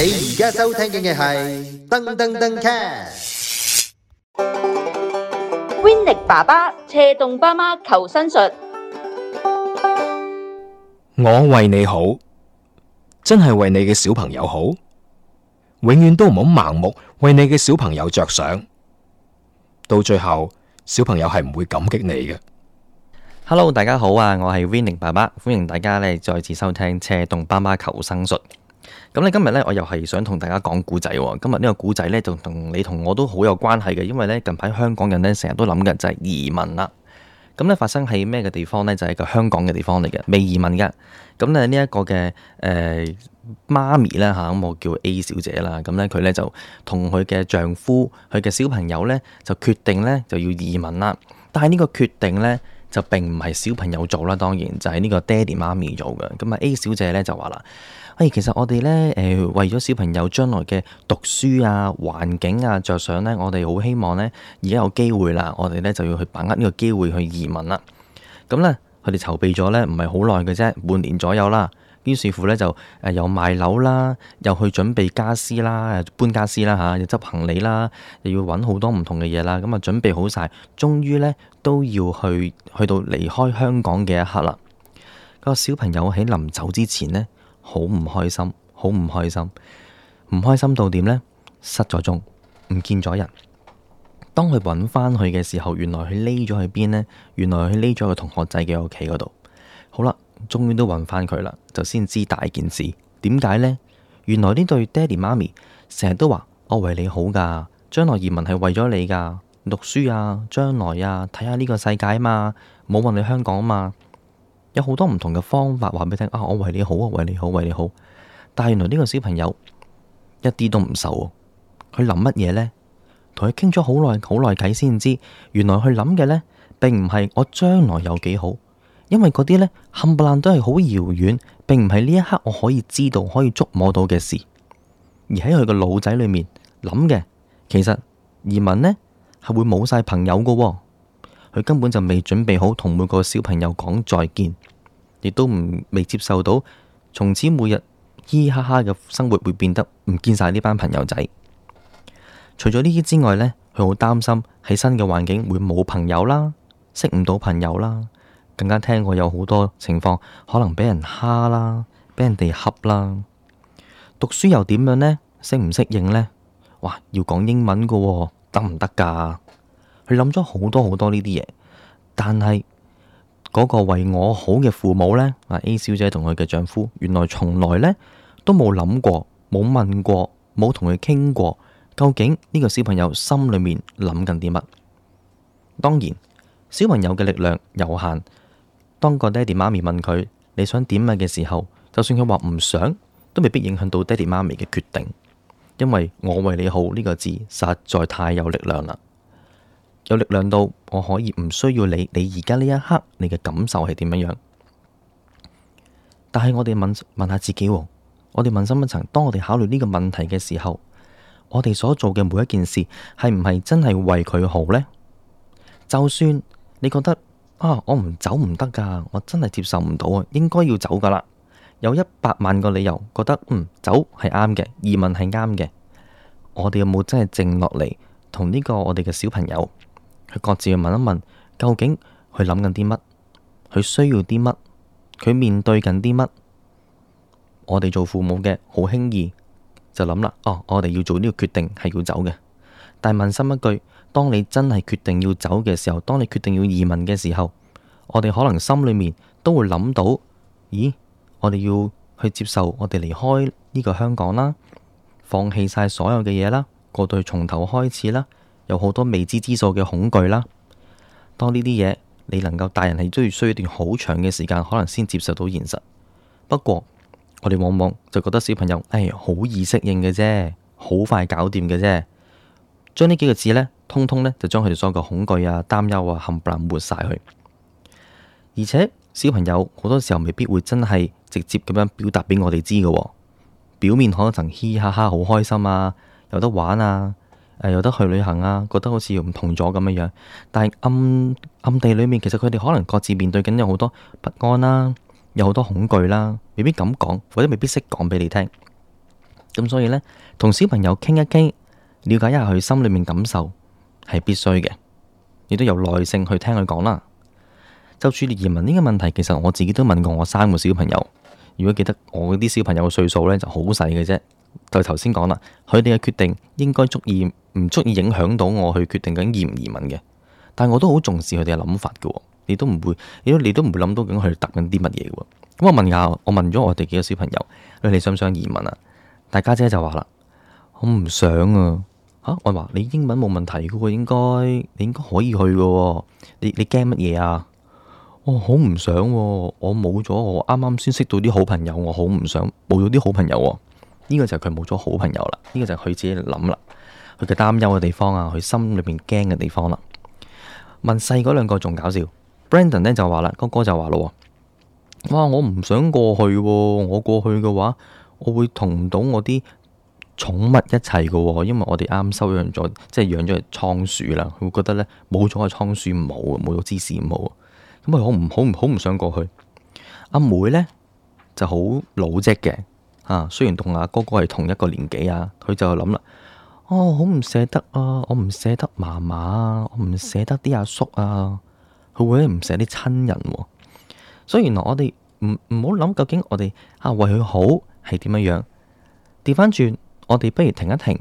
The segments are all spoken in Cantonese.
你而家收聽嘅係《噔噔噔 Cat》，Winning 爸爸車動爸媽求生術。我為你好，真係為你嘅小朋友好，永遠都唔好盲目為你嘅小朋友着想，到最後小朋友係唔會感激你嘅。Hello，大家好啊，我係 Winning 爸爸，歡迎大家嚟再次收聽《車動爸媽求生術》。咁咧今日咧，我又係想同大家講古仔喎。今日呢個古仔咧，就同你同我都好有關係嘅，因為咧近排香港人咧成日都諗嘅就係移民啦。咁、嗯、咧發生喺咩嘅地方咧？就係一個香港嘅地方嚟嘅，未移民噶。咁咧呢一個嘅誒、呃、媽咪咧吓，咁我叫 A 小姐啦。咁咧佢咧就同佢嘅丈夫，佢嘅小朋友咧就決定咧就要移民啦。但係呢個決定咧。就並唔係小朋友做啦，當然就係呢個爹哋媽咪做嘅。咁啊 A 小姐咧就話啦：誒，其實我哋咧誒為咗小朋友將來嘅讀書啊環境啊着想咧，我哋好希望咧而家有機會啦，我哋咧就要去把握呢個機會去移民啦。咁咧佢哋籌備咗咧唔係好耐嘅啫，半年左右啦。於是乎咧，就誒又賣樓啦，又去準備家私啦，搬家私啦嚇，又執行李啦，又要揾好多唔同嘅嘢啦。咁啊，準備好晒，終於呢都要去去到離開香港嘅一刻啦。個小朋友喺臨走之前呢，好唔開心，好唔開心，唔開心到點呢？失咗蹤，唔見咗人。當佢揾翻去嘅時候，原來佢匿咗喺邊呢？原來佢匿咗喺個同學仔嘅屋企嗰度。好啦。終於都揾翻佢啦，就先知大件事。點解呢？原來呢對爹哋媽咪成日都話我、oh, 為你好噶，將來移民係為咗你噶，讀書啊，將來啊，睇下呢個世界啊嘛，冇問你香港啊嘛，有好多唔同嘅方法話俾你聽啊，oh, 我為你好啊，我為你好，為你好。但係原來呢個小朋友一啲都唔受，佢諗乜嘢呢？同佢傾咗好耐好耐偈先知，原來佢諗嘅呢，並唔係我將來有幾好。因為嗰啲呢，冚唪唥都係好遙遠，並唔係呢一刻我可以知道可以捉摸到嘅事，而喺佢個腦仔裏面諗嘅，其實移民呢係會冇晒朋友㗎喎，佢根本就未準備好同每個小朋友講再見，亦都唔未接受到從此每日嘻嘻哈哈嘅生活會變得唔見晒呢班朋友仔。除咗呢啲之外呢，佢好擔心喺新嘅環境會冇朋友啦，識唔到朋友啦。更加聽過有好多情況，可能俾人蝦啦，俾人哋恰啦，讀書又點樣呢？適唔適應呢？哇，要講英文噶，得唔得噶？佢諗咗好多好多呢啲嘢，但係嗰個為我好嘅父母呢，嗱 A 小姐同佢嘅丈夫，原來從來呢都冇諗過，冇問過，冇同佢傾過，究竟呢個小朋友心裏面諗緊啲乜？當然，小朋友嘅力量有限。當個爹地媽咪問佢，你想點樣嘅時候，就算佢話唔想，都未必影響到爹地媽咪嘅決定，因為我為你好呢個字實在太有力量啦，有力量到我可以唔需要你。你而家呢一刻，你嘅感受係點樣樣？但係我哋問問下自己哦，我哋問深一層，當我哋考慮呢個問題嘅時候，我哋所做嘅每一件事，係唔係真係為佢好呢？就算你覺得。啊！我唔走唔得噶，我真係接受唔到啊，應該要走噶啦。有一百萬個理由覺得嗯走係啱嘅，移民係啱嘅。我哋有冇真係靜落嚟同呢個我哋嘅小朋友，佢各自去問一問，究竟佢諗緊啲乜，佢需要啲乜，佢面對緊啲乜？我哋做父母嘅好輕易就諗啦，哦、啊，我哋要做呢個決定係要走嘅。但係問心一句，當你真係決定要走嘅時候，當你決定要移民嘅時候，我哋可能心裏面都會諗到，咦，我哋要去接受我哋離開呢個香港啦，放棄晒所有嘅嘢啦，過到去從頭開始啦，有好多未知之數嘅恐懼啦。當呢啲嘢，你能夠大人係都需要一段好長嘅時間，可能先接受到現實。不過我哋往往就覺得小朋友，唉、哎，好易適應嘅啫，好快搞掂嘅啫。將呢幾個字呢，通通呢，就將佢哋所有嘅恐懼啊、擔憂啊，冚唪唥抹晒去。而且小朋友好多時候未必會真係直接咁樣表達俾我哋知嘅、哦，表面可能嘻嘻哈哈好開心啊，有得玩啊，誒、呃、有得去旅行啊，覺得好似唔同咗咁樣樣。但係暗暗地裏面，其實佢哋可能各自面對緊有好多不安啦、啊，有好多恐懼啦、啊，未必敢講，或者未必識講俾你聽。咁所以呢，同小朋友傾一傾。了解一下佢心裏面感受係必須嘅，你都有耐性去聽佢講啦。就處理移民呢個問題，其實我自己都問過我三個小朋友。如果記得我嗰啲小朋友嘅歲數咧，就好細嘅啫。就頭先講啦，佢哋嘅決定應該足以唔足以影響到我去決定緊移唔移民嘅。但係我都好重視佢哋嘅諗法嘅，你都唔會，你都你都唔會諗到究竟佢哋答緊啲乜嘢嘅。咁我問下我問咗我哋幾個小朋友，你哋想唔想移民啊？大家姐就話啦。我唔想啊！吓、啊，我話你英文冇問題嘅，應該你應該可以去嘅。你你驚乜嘢啊？我好唔想，我冇咗我啱啱先識到啲好朋友，我好唔想冇咗啲好朋友，啊。呢個就係佢冇咗好朋友啦。呢個就係佢自己諗啦，佢嘅擔憂嘅地方啊，佢心裏邊驚嘅地方啦，啊。問細嗰兩個仲搞笑，Brandon 呢就話啦，哥哥就話咯，哇，我唔想過去，啊，我過去嘅話，我會同唔到我啲。寵物一齊噶，因為我哋啱收養咗，即係養咗隻倉鼠啦。佢會覺得咧，冇咗個倉鼠唔好喎，冇咗芝士唔好喎，咁佢好唔好唔好唔想過去。阿妹咧就好老積嘅啊，雖然同阿哥哥係同一個年紀啊，佢就諗啦，哦，好唔捨得啊，我唔捨得嫲嫲啊，我唔捨得啲、啊、阿叔啊，佢會唔捨得啲親人、哦。所以原來我哋唔唔好諗，究竟我哋啊為佢好係點樣樣，調翻轉。我哋不如停一停，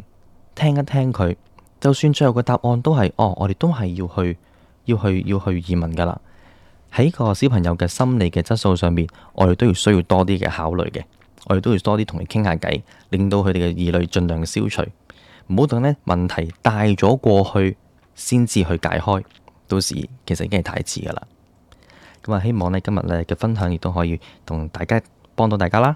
聽一聽佢，就算最後嘅答案都係，哦，我哋都係要去，要去，要去移民噶啦。喺個小朋友嘅心理嘅質素上面，我哋都要需要多啲嘅考慮嘅，我哋都要多啲同佢傾下偈，令到佢哋嘅疑慮盡量消除，唔好等呢問題大咗過去先至去解開，到時其實已經係太遲噶啦。咁啊，希望呢，今日咧嘅分享亦都可以同大家幫到大家啦。